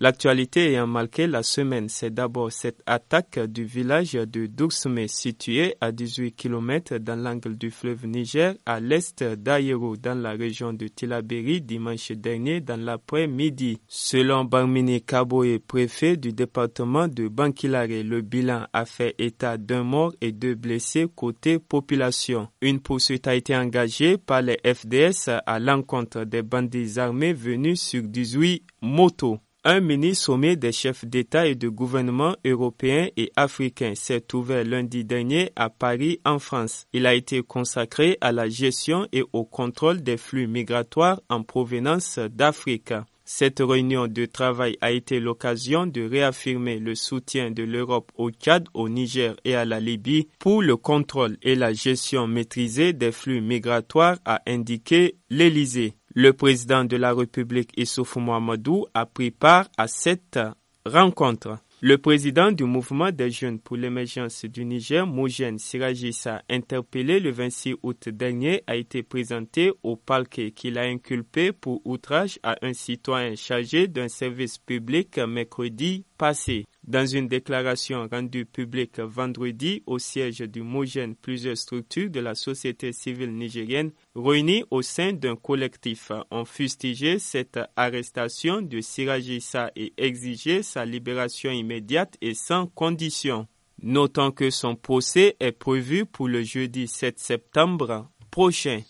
L'actualité ayant marqué la semaine, c'est d'abord cette attaque du village de Douxme situé à 18 km dans l'angle du fleuve Niger à l'est d'Ayero dans la région de Tilaberi dimanche dernier dans l'après-midi. Selon Barmini Kaboé, préfet du département de Bankilare, le bilan a fait état d'un mort et deux blessés côté population. Une poursuite a été engagée par les FDS à l'encontre des bandits armés venus sur 18 motos. Un mini-sommet des chefs d'État et de gouvernement européens et africains s'est ouvert lundi dernier à Paris, en France. Il a été consacré à la gestion et au contrôle des flux migratoires en provenance d'Afrique. Cette réunion de travail a été l'occasion de réaffirmer le soutien de l'Europe au Tchad, au Niger et à la Libye pour le contrôle et la gestion maîtrisée des flux migratoires, a indiqué l'Élysée. Le président de la République Issoufou Mohamedou a pris part à cette rencontre. Le président du mouvement des jeunes pour l'émergence du Niger, Moujène Sirajissa, interpellé le 26 août dernier, a été présenté au parquet qu'il a inculpé pour outrage à un citoyen chargé d'un service public mercredi passé. Dans une déclaration rendue publique vendredi au siège du Mogène, plusieurs structures de la société civile nigérienne réunies au sein d'un collectif ont fustigé cette arrestation de Sirajissa et exigé sa libération immédiate et sans condition. Notons que son procès est prévu pour le jeudi 7 septembre prochain.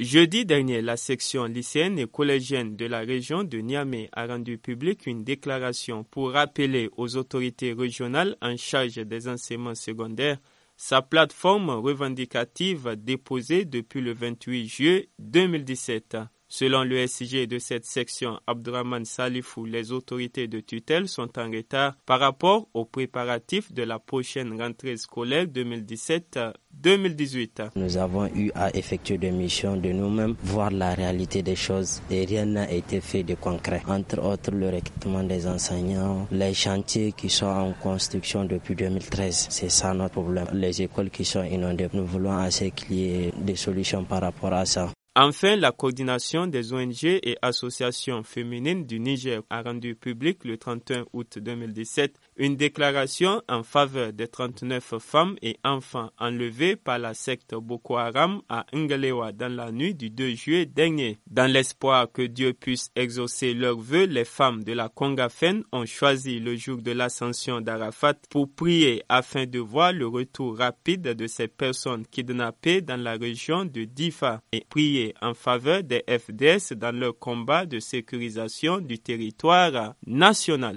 Jeudi dernier, la section lycéenne et collégienne de la région de Niamey a rendu publique une déclaration pour rappeler aux autorités régionales en charge des enseignements secondaires sa plateforme revendicative déposée depuis le 28 juillet 2017. Selon le SG de cette section, Abdraman Salifou, les autorités de tutelle sont en retard par rapport aux préparatifs de la prochaine rentrée scolaire 2017 2018. Nous avons eu à effectuer des missions de nous-mêmes, voir la réalité des choses et rien n'a été fait de concret. Entre autres, le recrutement des enseignants, les chantiers qui sont en construction depuis 2013. C'est ça notre problème. Les écoles qui sont inondées. Nous voulons assez qu'il y ait des solutions par rapport à ça. Enfin, la coordination des ONG et associations féminines du Niger a rendu public le 31 août 2017 une déclaration en faveur des 39 femmes et enfants enlevés par la secte Boko Haram à Ngalewa dans la nuit du 2 juillet dernier. Dans l'espoir que Dieu puisse exaucer leurs vœux, les femmes de la Congafen ont choisi le jour de l'ascension d'Arafat pour prier afin de voir le retour rapide de ces personnes kidnappées dans la région de Difa et prier en faveur des FDS dans leur combat de sécurisation du territoire national.